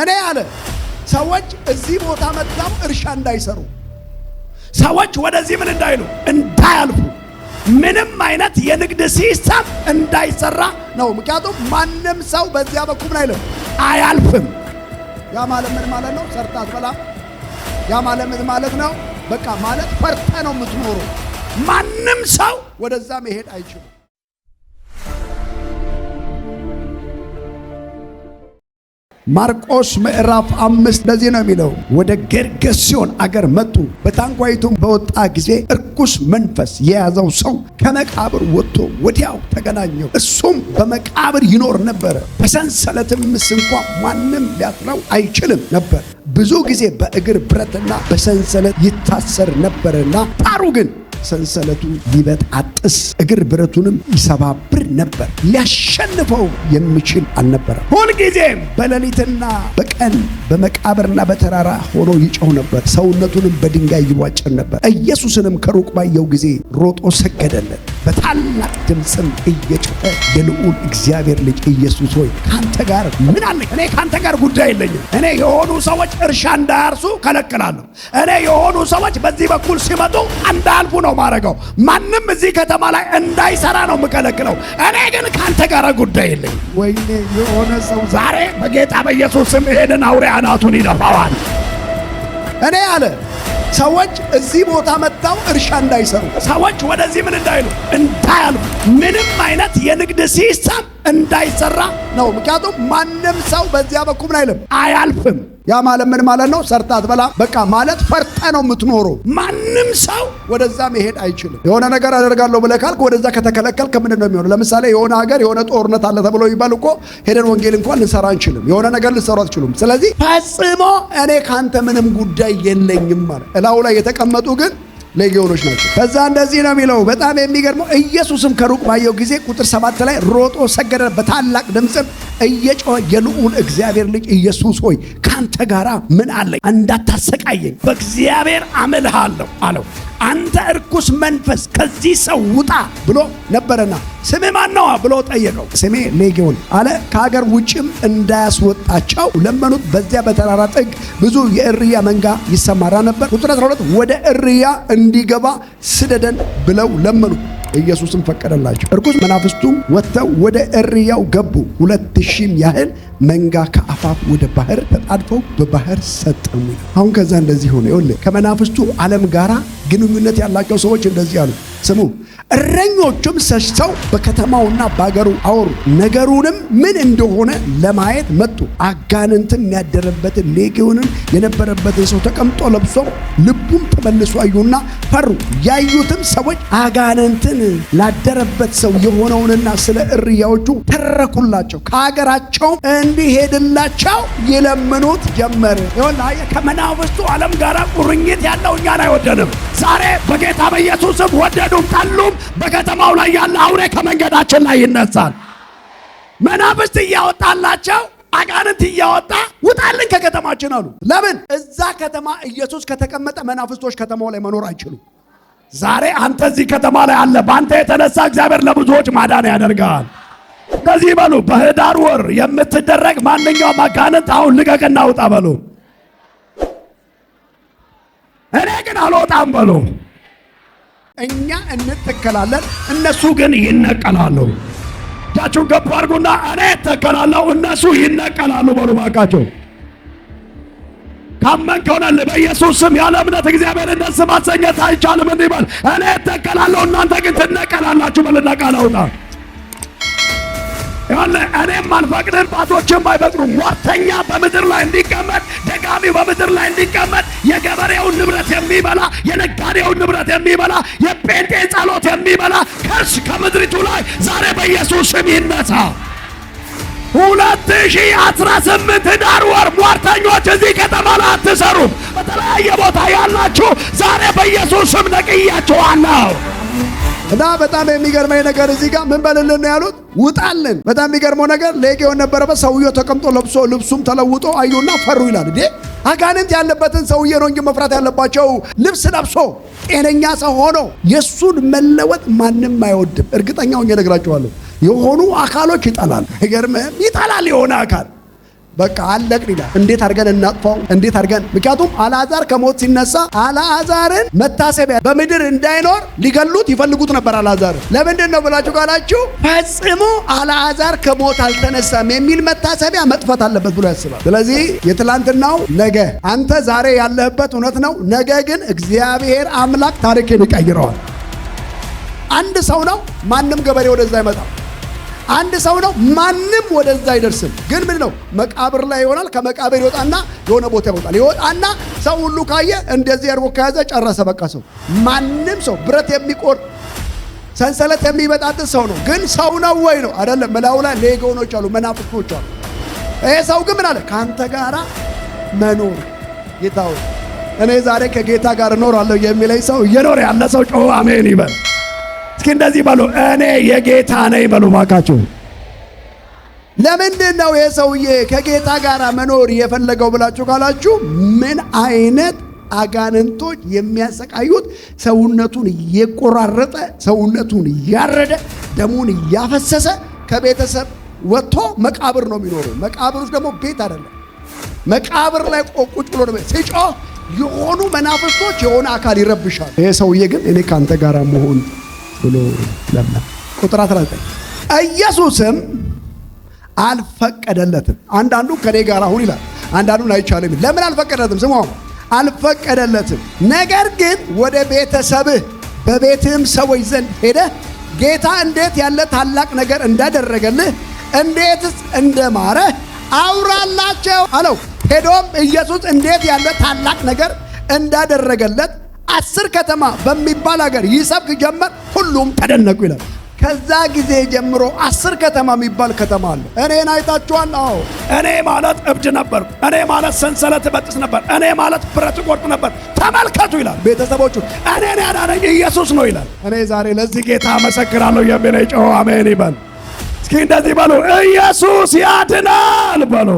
እኔ አለ ሰዎች እዚህ ቦታ መጥተው እርሻ እንዳይሰሩ፣ ሰዎች ወደዚህ ምን እንዳይሉ እንዳያልፉ፣ ምንም አይነት የንግድ ሲስተም እንዳይሰራ ነው። ምክንያቱም ማንም ሰው በዚያ በኩል አይልም አያልፍም። ያ ማለት ምን ማለት ነው? ሰርታ አትበላ። ያ ማለት ምን ማለት ነው? በቃ ማለት ፈርተ ነው የምትኖረው። ማንም ሰው ወደዛ መሄድ አይችልም። ማርቆስ ምዕራፍ አምስት እንደዚህ ነው የሚለው፣ ወደ ጌርጌሴኖን አገር መጡ። በታንኳይቱም በወጣ ጊዜ እርኩስ መንፈስ የያዘው ሰው ከመቃብር ወጥቶ ወዲያው ተገናኘው። እሱም በመቃብር ይኖር ነበረ፣ በሰንሰለትም እንኳ ማንም ሊያስረው አይችልም ነበር። ብዙ ጊዜ በእግር ብረትና በሰንሰለት ይታሰር ነበርና ጣሩ ግን ሰንሰለቱን አጥስ እግር ብረቱንም ይሰባብር ነበር። ሊያሸንፈው የሚችል አልነበረ። ሁልጊዜም በሌሊትና በቀን በመቃብርና በተራራ ሆኖ ይጨው ነበር። ሰውነቱንም በድንጋይ ይቧጭር ነበር። ኢየሱስንም ከሩቅ ባየው ጊዜ ሮጦ ሰገደለት። በታላቅ ድምፅም እየጮኸ የልዑል እግዚአብሔር ልጅ ኢየሱስ ሆይ ከአንተ ጋር ምን አለኝ? እኔ ከአንተ ጋር ጉዳይ የለኝም። እኔ የሆኑ ሰዎች እርሻ እንዳያርሱ ከለክላለሁ። እኔ የሆኑ ሰዎች በዚህ በኩል ሲመጡ እንዳያልፉ ነው ነው ማረገው። ማንም እዚህ ከተማ ላይ እንዳይሰራ ነው የምከለክለው። እኔ ግን ካንተ ጋር ጉዳይ የለኝ። ወይኔ የሆነ ሰው ዛሬ በጌታ በኢየሱስ ስም ይሄንን አውሬ አናቱን ይደፋዋል። እኔ አለ ሰዎች እዚህ ቦታ መጥተው እርሻ እንዳይሰሩ፣ ሰዎች ወደዚህ ምን እንዳይሉ እንዳያሉ ምንም አይነት የንግድ ሲስተም እንዳይሰራ ነው። ምክንያቱም ማንም ሰው በዚያ በኩል ምን አይልም፣ አያልፍም ያ ማለት ምን ማለት ነው? ሰርታት በላ በቃ ማለት ፈርጠ ነው የምትኖረው። ማንም ሰው ወደዛ መሄድ አይችልም። የሆነ ነገር አደርጋለሁ ብለህ ካልክ ወደዛ ከተከለከል ከምንድን ነው የሚሆነው? ለምሳሌ የሆነ ሀገር የሆነ ጦርነት አለ ተብሎ ይባል እኮ ሄደን ወንጌል እንኳን ልንሰራ አንችልም። የሆነ ነገር ልሰሩ አትችሉም። ስለዚህ ፈጽሞ እኔ ከአንተ ምንም ጉዳይ የለኝም ማለት እላው ላይ የተቀመጡ ግን ሌጊዮኖች ናቸው። ከዛ እንደዚህ ነው የሚለው በጣም የሚገርመው ኢየሱስም ከሩቅ ባየው ጊዜ ቁጥር ሰባት ላይ ሮጦ ሰገደ፣ በታላቅ ድምፅም እየጮኸ የልዑል እግዚአብሔር ልጅ ኢየሱስ ሆይ ካንተ ጋራ ምን አለኝ? እንዳታሰቃየኝ በእግዚአብሔር አምልሃለሁ አለው። አንተ እርኩስ መንፈስ ከዚህ ሰው ውጣ ብሎ ነበረና ስሜ ማን ብሎ ጠየቀው። ስሜ ሌጌውን አለ። ከሀገር ውጭም እንዳያስወጣቸው ለመኑት። በዚያ በተራራ ጥግ ብዙ የእርያ መንጋ ይሰማራ ነበር። ቁጥር 12 ወደ እርያ እንዲገባ ስደደን ብለው ለመኑት። ኢየሱስም ፈቀደላቸው። እርኩስ መናፍስቱም ወጥተው ወደ እርያው ገቡ። ሁለት ሺህም ያህል መንጋ ከአፋፍ ወደ ባህር አድፈው በባህር ሰጠሙ። አሁን ከዛ እንደዚህ ሆነ። ይኸውልህ ከመናፍስቱ ዓለም ጋር ግንኙነት ያላቸው ሰዎች እንደዚህ አሉ። ስሙ፣ እረኞቹም ሸሽተው በከተማውና በአገሩ አወሩ። ነገሩንም ምን እንደሆነ ለማየት መጡ። አጋንንትም ያደረበትን ሌጌውንም የነበረበትን ሰው ተቀምጦ ለብሶ ልቡም ተመልሶ አዩና ፈሩ። ያዩትም ሰዎች አጋንንትን ላደረበት ሰው የሆነውንና ስለ እርያዎቹ ተረኩላቸው፣ ከሀገራቸውም እንዲሄድላቸው ይለምኑ ያመሰግኑት ጀመር። ይሁን ከመናፍስቱ ዓለም ጋር ቁርኝት ያለው እኛን አይወደንም። ዛሬ በጌታ በኢየሱስም ወደዱም ጠሉም በከተማው ላይ ያለ አውሬ ከመንገዳችን ላይ ይነሳል። መናፍስት እያወጣላቸው አጋንንት እያወጣ ውጣልን ከከተማችን አሉ። ለምን እዛ ከተማ ኢየሱስ ከተቀመጠ መናፍስቶች ከተማው ላይ መኖር አይችሉም። ዛሬ አንተ እዚህ ከተማ ላይ አለ። በአንተ የተነሳ እግዚአብሔር ለብዙዎች ማዳን ያደርጋል። ከዚህ በሉ በህዳር ወር የምትደረግ ማንኛውም አጋንንት አሁን ልቀቅና አውጣ በሉ። እኔ ግን አልወጣም በሉ። እኛ እንተከላለን፣ እነሱ ግን ይነቀላሉ። እጃችሁን ገቡ አድርጉና እኔ እተከላለሁ፣ እነሱ ይነቀላሉ በሉ ባካቸው። ካመን ከሆነ በኢየሱስ ስም ያለ እምነት እግዚአብሔር እንደስ ማሰኘት አይቻልም። እንዲህ በል እኔ እተከላለሁ፣ እናንተ ግን ትነቀላላችሁ በልና ቃል አውጣ እኔም አልፈቅድም፣ ጣቶችም አይበቅሉም። ሟርተኛ በምድር ላይ እንዲቀመጥ፣ ደጋሚ በምድር ላይ እንዲቀመጥ፣ የገበሬውን ንብረት የሚበላ የነጋዴውን ንብረት የሚበላ የጴንጤ ጸሎት የሚበላ ከርስ ከምድሪቱ ላይ ዛሬ በኢየሱስ ስም ይነሳ። ሁለት ሺህ አስራ ስምንት ዳር ወር ሟርተኞች እዚህ ከተማ ላይ አትሰሩም። በተለያየ ቦታ ያላችሁ ዛሬ በኢየሱስ ስም ነቅያችኋለሁ። እና በጣም የሚገርመኝ ነገር እዚህ ጋር ምን በልልን ነው ያሉት፣ ውጣልን። በጣም የሚገርመው ነገር ሌጌዮን ነበረበት ሰውየው ተቀምጦ ለብሶ ልብሱም ተለውጦ አዩና ፈሩ ይላል። እንዴ አጋንንት ያለበትን ሰውዬ ነው እንጂ መፍራት ያለባቸው። ልብስ ለብሶ ጤነኛ ሰው ሆኖ የእሱን መለወጥ ማንም አይወድም። እርግጠኛውን እነግራቸዋለሁ። የሆኑ አካሎች ይጠላል። ይገርምህም ይጠላል የሆነ አካል በቃ አለቅን ይላል። እንዴት አድርገን እናጥፋው? እንዴት አድርገን ምክንያቱም አልዓዛር ከሞት ሲነሳ አልዓዛርን መታሰቢያ በምድር እንዳይኖር ሊገሉት ይፈልጉት ነበር። አልዓዛርን ለምንድን ነው ብላችሁ ካላችሁ ፈጽሞ አልዓዛር ከሞት አልተነሳም የሚል መታሰቢያ መጥፋት አለበት ብሎ ያስባል። ስለዚህ የትላንትናው ነገ አንተ ዛሬ ያለህበት እውነት ነው። ነገ ግን እግዚአብሔር አምላክ ታሪክን ይቀይረዋል። አንድ ሰው ነው። ማንም ገበሬ ወደዛ ይመጣል። አንድ ሰው ነው። ማንም ወደዛ አይደርስም። ግን ምን ነው መቃብር ላይ ይሆናል። ከመቃብር ይወጣና የሆነ ቦታ ይወጣል። ይወጣና ሰው ሁሉ ካየ እንደዚህ አድርጎ ከያዘ ጨረሰ። በቃ ሰው ማንም ሰው ብረት የሚቆርጥ ሰንሰለት የሚበጣጥስ ሰው ነው። ግን ሰው ነው ወይ ነው አይደለም። መላው ላይ ሌጎኖች አሉ፣ መናፍስቶች አሉ። ይሄ ሰው ግን ምን አለ? ከአንተ ጋራ መኖር ጌታው እኔ ዛሬ ከጌታ ጋር እኖራለሁ የሚለኝ ሰው እየኖረ ያለ ሰው ጮ አሜን ይበል። እስኪ እንደዚህ በሉ፣ እኔ የጌታ ነኝ በሉ ማካቸው። ለምንድን ነው የሰውዬ ከጌታ ጋር መኖር የፈለገው ብላችሁ ካላችሁ፣ ምን አይነት አጋንንቶች የሚያሰቃዩት ሰውነቱን እየቆራረጠ ሰውነቱን እያረደ ደሙን እያፈሰሰ ከቤተሰብ ወጥቶ መቃብር ነው የሚኖሩ። መቃብር ውስጥ ደግሞ ቤት አይደለም። መቃብር ላይ ቆቁጭ ብሎ ነው ሲጮህ የሆኑ መናፍስቶች የሆነ አካል ይረብሻል። ይሄ ሰውዬ ግን እኔ ከአንተ ጋር መሆን ብሎ ለመነ። ቁጥር 19 ኢየሱስም አልፈቀደለትም። አንዳንዱ ከኔ ጋር አሁን ይላል፣ አንዳንዱን አይቻልም። ለምን አልፈቀደለትም? ስሙ፣ አልፈቀደለትም። ነገር ግን ወደ ቤተሰብህ በቤትህም ሰዎች ዘንድ ሄደህ ጌታ እንዴት ያለ ታላቅ ነገር እንዳደረገልህ እንዴትስ እንደማረ አውራላቸው አለው። ሄዶም ኢየሱስ እንዴት ያለ ታላቅ ነገር እንዳደረገለት አስር ከተማ በሚባል ሀገር ይሰብክ ጀመር፣ ሁሉም ተደነቁ ይላል። ከዛ ጊዜ ጀምሮ አስር ከተማ የሚባል ከተማ አለ። እኔን አይታችኋል? አዎ። እኔ ማለት እብድ ነበር። እኔ ማለት ሰንሰለት በጥስ ነበር። እኔ ማለት ብረት ቆርጥ ነበር። ተመልከቱ ይላል ቤተሰቦቹ። እኔን ያዳነኝ ኢየሱስ ነው ይላል። እኔ ዛሬ ለዚህ ጌታ መሰክራለሁ የሚል ጮኸው አሜን ይበል። እስኪ እንደዚህ በሉ፣ ኢየሱስ ያድናል በሉ።